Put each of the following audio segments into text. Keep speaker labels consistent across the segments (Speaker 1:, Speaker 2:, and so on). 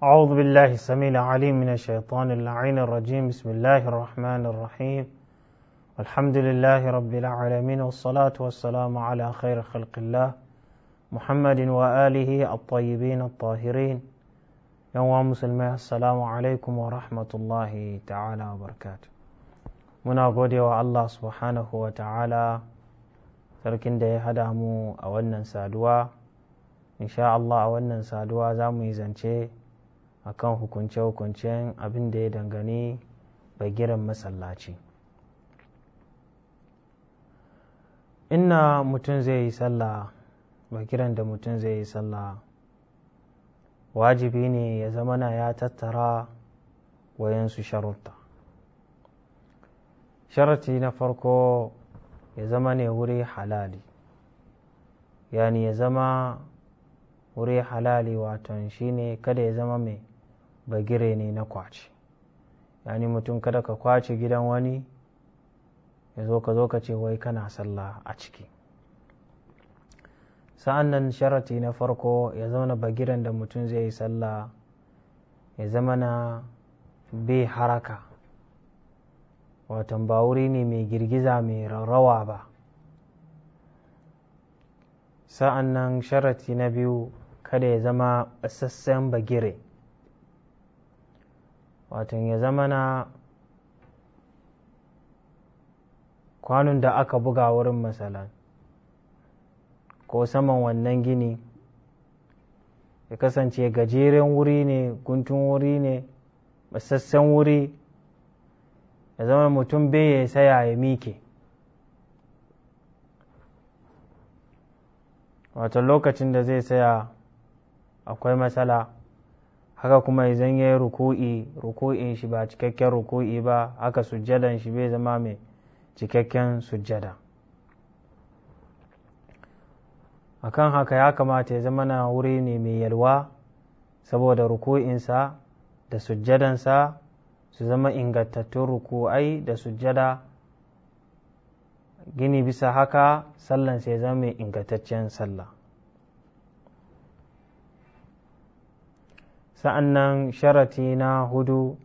Speaker 1: أعوذ بالله السميع العليم من الشيطان اللعين الرجيم بسم الله الرحمن الرحيم الحمد لله رب العالمين والصلاة والسلام على خير خلق الله محمد وآله الطيبين الطاهرين يوم مسلمي السلام عليكم ورحمة الله تعالى وبركاته منا غودي الله سبحانه وتعالى sarkin da ya hada mu a wannan saduwa insha Allah a wannan saduwa za mu yi zance akan hukunce-hukuncen abin da ya dangane bagiran masallaci inna mutum zai yi sallah bagiran da mutum zai yi sallah wajibi ne ya zama na ya tattara wayansu sharuta sharati na farko ya zama ne wuri halali yani ya zama wuri halali waton shine kada ya zama mai bagire ne na kwace yani mutum kada ka kwace gidan wani ya zo ka zo ka ce wai kana sallah a ciki sa'an nan sharati na farko ya zauna bagiren da mutum zai yi sallah ya zama na bai haraka watan ba wuri ne mai girgiza mai rawa ba sa'an nan sharati na biyu kada ya zama sassan bagire watan ya zama na kwanun da aka buga wurin masalan ko saman wannan gini ya kasance gajeren wuri ne guntun wuri ne masassan wuri ya zama mutum bai ya saya ya mike wato lokacin da zai saya akwai matsala haka kuma idan ya yi ruku'i ruku'in shi ba cikakken ruku'i ba haka sujjadan shi bai zama mai cikakken sujjada akan haka ya kamata ya zama na wuri ne mai yalwa saboda ruku'insa da sujjadansa su zama ingantattun ruku'ai da sujjada gini bisa haka sallan ya zama mai ingantaccen sallah sa'an nan sharati na hudu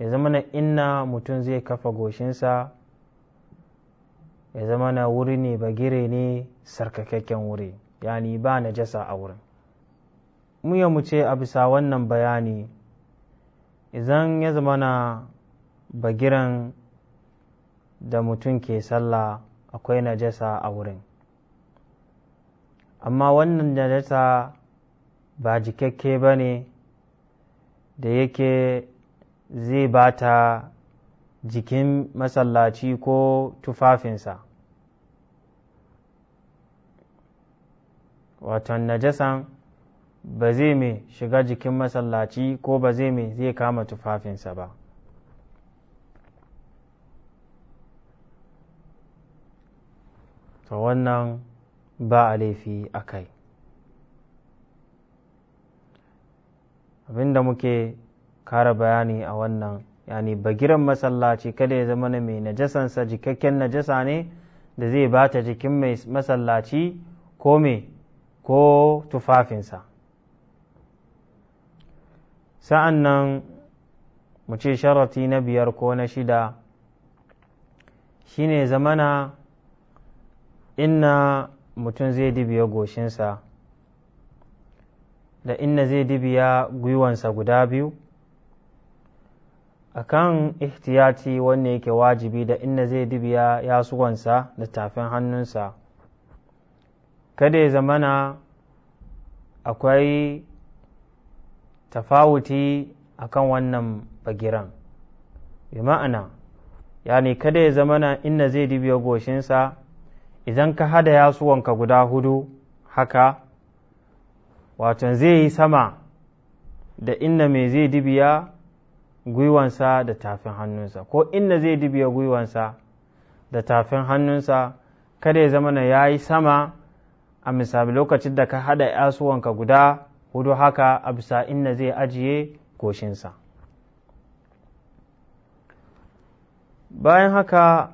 Speaker 1: ya zama na inna mutum zai kafa goshinsa ya zama na wuri ne bagire ne sarkakakken wuri yani ba na jasa a wurin muya mu ce a bisa wannan bayani idan ya zama na bagiran da mutum ke sallah akwai najasa a wurin amma wannan najasa ba jikakke ba ne da yake zai bata jikin masallaci ko tufafinsa waton najasan ba zai mai shiga jikin masallaci ko ba zai mai zai kama tufafinsa ba to wannan ba a laifi a kai da muke kara bayani a wannan yani bagiran masallaci kada ya zama mai najasansa jikakken najasa ne da zai bata jikin mai masallaci ko me ko tufafinsa sa'an nan mu ce sharati na biyar ko na shida shine zamana inna mutum zai dibiya goshinsa da inna zai dibiya gwiwansa guda biyu a kan ihtiyati wanne yake wajibi da inna zai dibiya yasuwansa da tafin hannunsa kada ya zamana akwai tafawuti a kan wannan bagiran bi ma'ana ya yani kada ya zamana inna zai dibiya goshinsa idan ka hada yasuwanka guda hudu haka wato zai yi sama da inna mai zai dibiya gwiwansa da tafin hannunsa ko inna zai dibiya gwiwansa da tafin hannunsa kada ya zama na ya yi sama a misali lokacin da ka haɗa yasuwanka guda hudu haka a bisa inna zai ajiye goshinsa bayan haka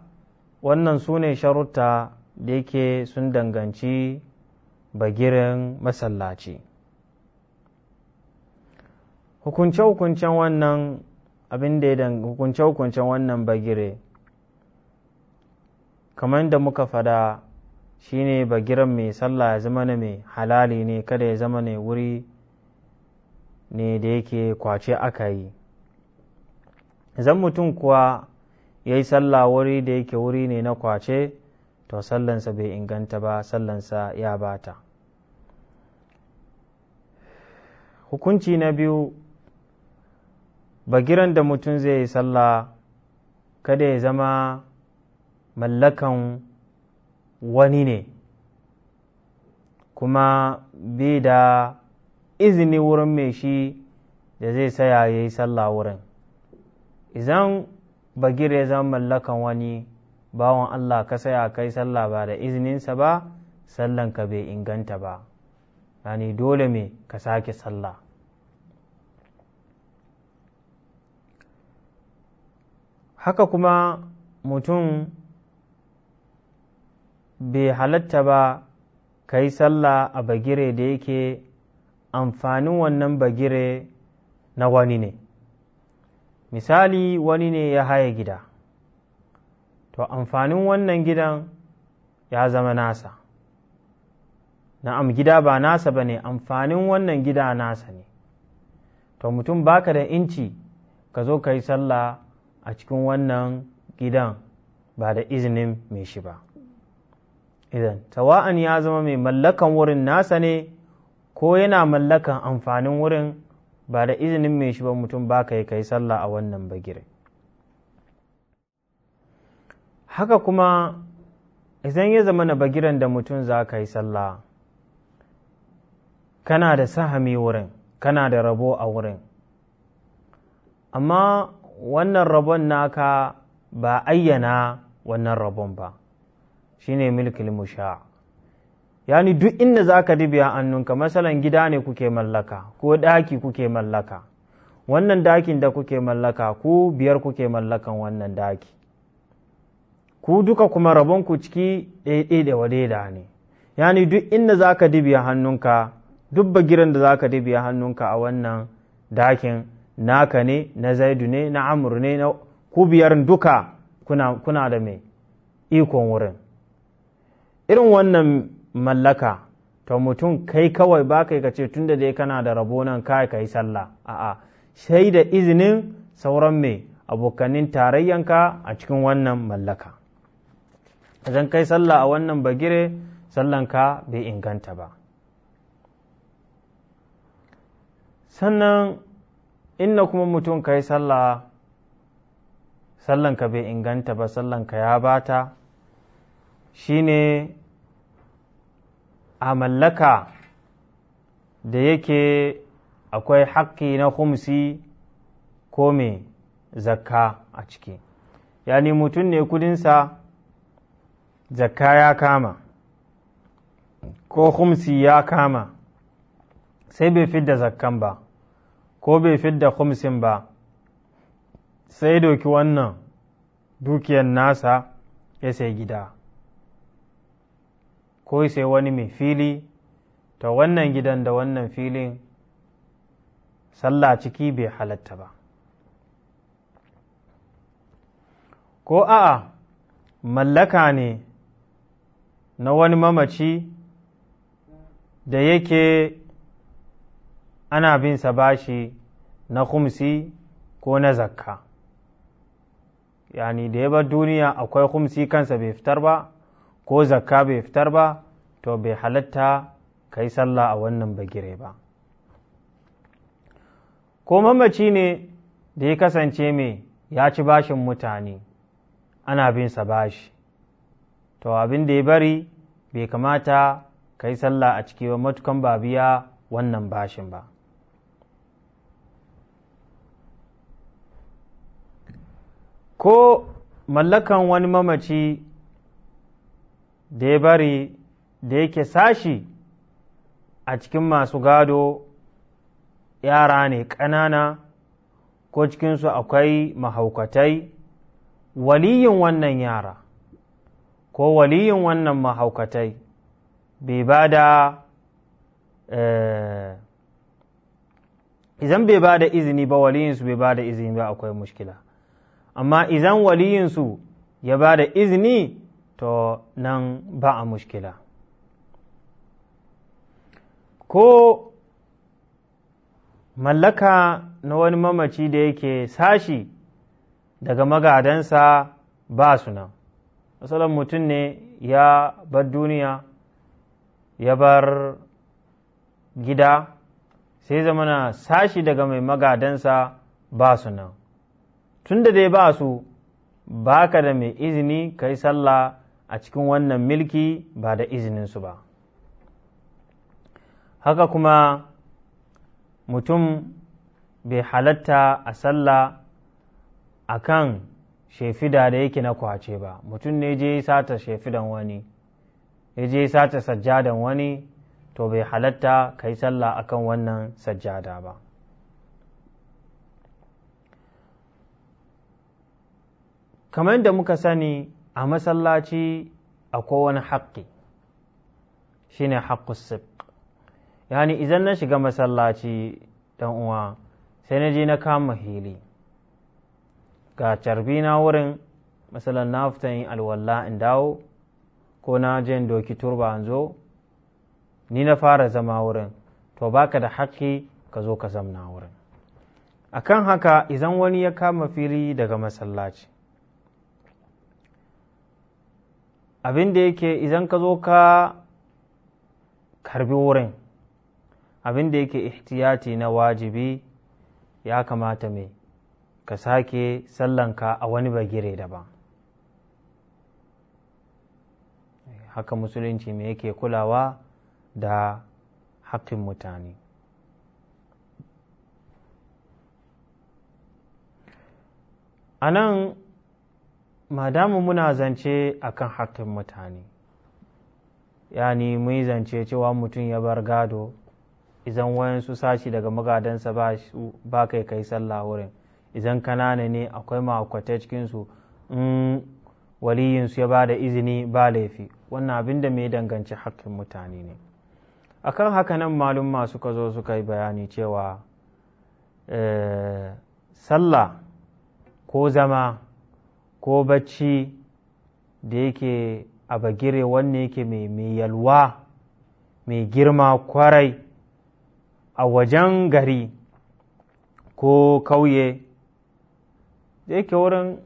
Speaker 1: wannan su ne sharuta da yake sun danganci bagiren masallaci hukunce-hukuncen wannan abin da ya hukunce-hukuncen wannan bagire kamar da muka fada shine bagiran mai sallah ya zama ne mai halali ne kada ya zama ne wuri ne da yake kwace aka yi zan mutum kuwa ya yi sallah wuri da yake wuri ne na kwace to sallansa bai inganta ba sallansa ya bata hukunci na biyu bagiran da mutum zai yi sallah kada ya zama mallakan wani ne kuma bai da izini wurin mai shi da zai saya ya yi sallah wurin izan bagir ya zama mallakan wani bawon allah ka saya kai sallah ba da izininsa ba sallanka bai inganta ba yani dole me ka sake sallah haka kuma mutum bai halatta ba ka yi sallah a bagire da yake amfanin wannan bagire na wani ne misali wani ne ya haya gida to amfanin wannan gidan ya zama nasa na'am gida ba nasa ba ne amfanin wannan gida nasa ne to mutum baka da inci ka zo ka yi sallah a cikin wannan gidan ba da izinin mai shi ba idan tawa'an ya zama mai mallakan wurin nasa ne ko yana mallakan amfanin wurin ba da izinin mai shi ba mutum ba ka yi kai sallah a wannan bagire haka kuma izan ya zama na bagiren da mutum za ka yi sallah kana da sahami wurin kana da rabo a wurin amma wannan rabon naka ba ayyana wannan rabon ba shine milkil musha yani duk inda za ka dibiya annunka masalan gida ne kuke mallaka ko ɗaki kuke mallaka wannan dakin da kuke mallaka ku biyar kuke mallakan wannan daki ku duka kuma rabon ku ciki ɗaiɗe da da ne yani duk inda za ka dibiya hannunka duk girin da za ka dibiya hannunka a wannan dakin naka ne na zaidu ne na amur ne na ku biyar duka kuna, da mai ikon wurin irin wannan mallaka ta mutum kai kawai ba kai ka ce tun da dai kana da rabo nan kai ka yi sallah a'a sai da izinin sauran mai abokanin tarayyanka a cikin wannan mallaka zan kai sallah a wannan bagire sallanka bai inganta ba sannan inna kuma mutum ka yi sallah sallanka bai inganta ba sallanka ya bata shine a mallaka da yake akwai haƙƙi na humsi ko mai zakka a ciki yani mutum ne kudinsa zakka ya kama ko humsi ya kama sai bai fidda zakkan ba ko bai fidda kumsin ba sai doki wannan dukiyar nasa ya sai gida ko sai wani mai fili ta wannan gidan da wannan filin sallah ciki bai halatta ba ko a'a mallaka ne na wani mamaci da yake ana bin sa bashi na kumsi ko na zakka yani da ya bar duniya akwai kumsi kansa bai fitar ba ko zakka bai fitar ba to bai halatta ka yi sallah a wannan bagire ba ko mamaci ne da ya kasance mai ya ci bashin mutane ana bin sa bashi to abin da ya bari bai kamata ka yi sallah a ciki ba matukan babiya wannan bashin ba ko mallakan wani mamaci da ya bari da yake sashi a cikin masu gado yara ne ƙanana ko cikinsu akwai mahaukatai waliyin wannan yara ko waliyin wannan mahaukatai bai ba da eh, idan bai ba da izini ba waliyinsu bai ba da izini ba akwai mushkila amma izan waliyinsu ya ba da izini to nan ba a mushkila ko mallaka na wani mamaci da yake sashi daga magadansa ba su nan asalin mutum ne ya bar duniya ya bar gida sai zama na sashi daga mai magadansa ba su nan tun da dai ba su ba ka da mai izini ka yi sallah a cikin wannan milki ba da izininsu ba haka kuma mutum bai halatta a sallah a kan shefida da yake na kwace ba mutum ne je sata shefidan wani ya je sata sajjadan wani to bai halatta ka yi sallah kan wannan sajjada ba kamar yadda muka sani a masallaci a kowane haƙƙi shine haƙƙus yani idan na shiga masallaci dan uwa sai na je na kama hili ga carbi na wurin masalan na fita yin alwala in dawo ko na je in doki turba an zo ni na fara zama wurin to baka da haƙƙi ka zo ka zamna wurin A kan haka izan wani ya kama fili daga masallaci abin da yake idan ka zo ka karbi wurin abin da yake ihtiyati na wajibi ya kamata mai ka sake sallanka a wani bagire daban haka musulunci mai yake kulawa da haƙƙin mutane a nan madamu muna zance akan haƙƙin mutane yani mu yi zance cewa mutum ya bar gado izan wayansu sashi daga magadansa ba kai kai sallah wurin izan kanana ne akwai makwata cikinsu in waliyinsu ya ba da izini ba laifi wannan abin da mai danganci haƙƙin mutane ne akan haka nan masu suka zo suka yi bayani cewa eh, sallah ko zama ko bacci da yake a bagire wanne yake mai yalwa mai girma kwarai a wajen gari ko kauye da yake wurin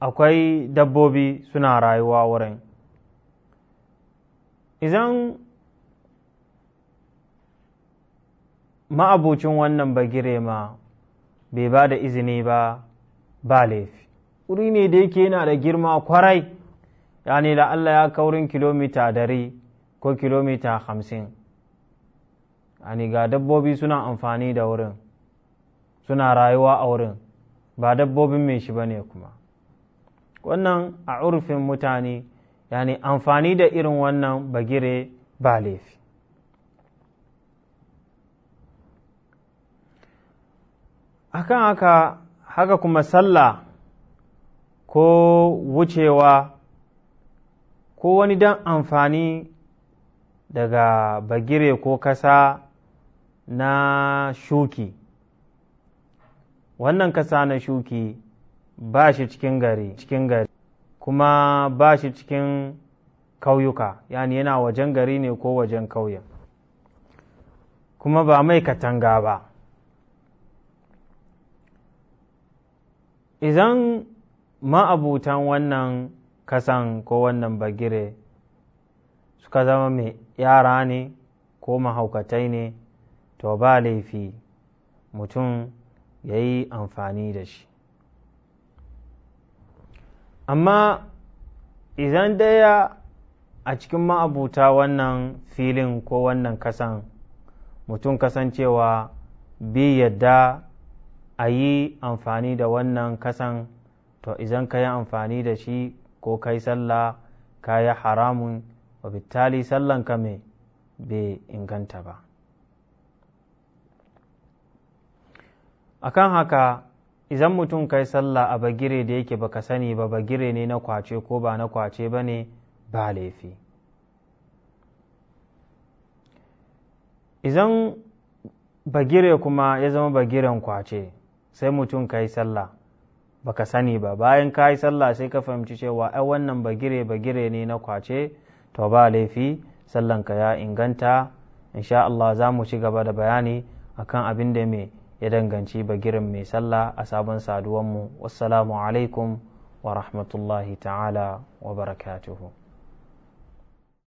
Speaker 1: akwai dabbobi suna rayuwa wurin idan ma'abucin wannan bagire ma bai ba da izini ba ba laifi wuri ne da yake yana da girma kwarai yani da Allah ya kaurin kilomita dari ko kilomita hamsin ani ga dabbobi suna amfani da wurin suna rayuwa a wurin ba dabbobin mai shi ba ne kuma wannan a urfin mutane yani amfani da irin wannan bagire ba laifi akan haka haka kuma sallah ko wucewa ko wani dan amfani daga bagire ko kasa na shuki wannan kasa na shuki ba shi cikin gari cikin gari kuma ba shi cikin kauyuka yani yana wajen gari ne ko wajen kauyen kuma ba mai katanga ba idan ma'abutan wannan kasan ko wannan bagire suka zama mai yara ne ko mahaukatai ne to ba laifi mutum ya yi amfani da shi amma idan daya a cikin ma'abuta wannan filin ko wannan kasan mutum kasancewa bi yadda a yi amfani da wannan kasan to idan ka yi amfani da shi ko kai sallah ka yi haramun wa bittali sallanka mai bai inganta ba akan haka idan mutum kai sallah a bagire da yake baka sani ba bagire ne na kwace ko ba na kwace ba ne ba laifi idan bagire kuma ya zama bagiren kwace sai mutum kai sallah baka sani ba bayan ka yi sallah sai ka fahimci cewa ai wannan ba gire ba gire ne na kwace to ba laifi sallanka ya inganta insha Allah za mu ci gaba da bayani akan abin da me ya danganci bagirin mai sallah a sabon saduwanmu wassalamu alaikum wa rahmatullahi ta'ala wa barakatuhu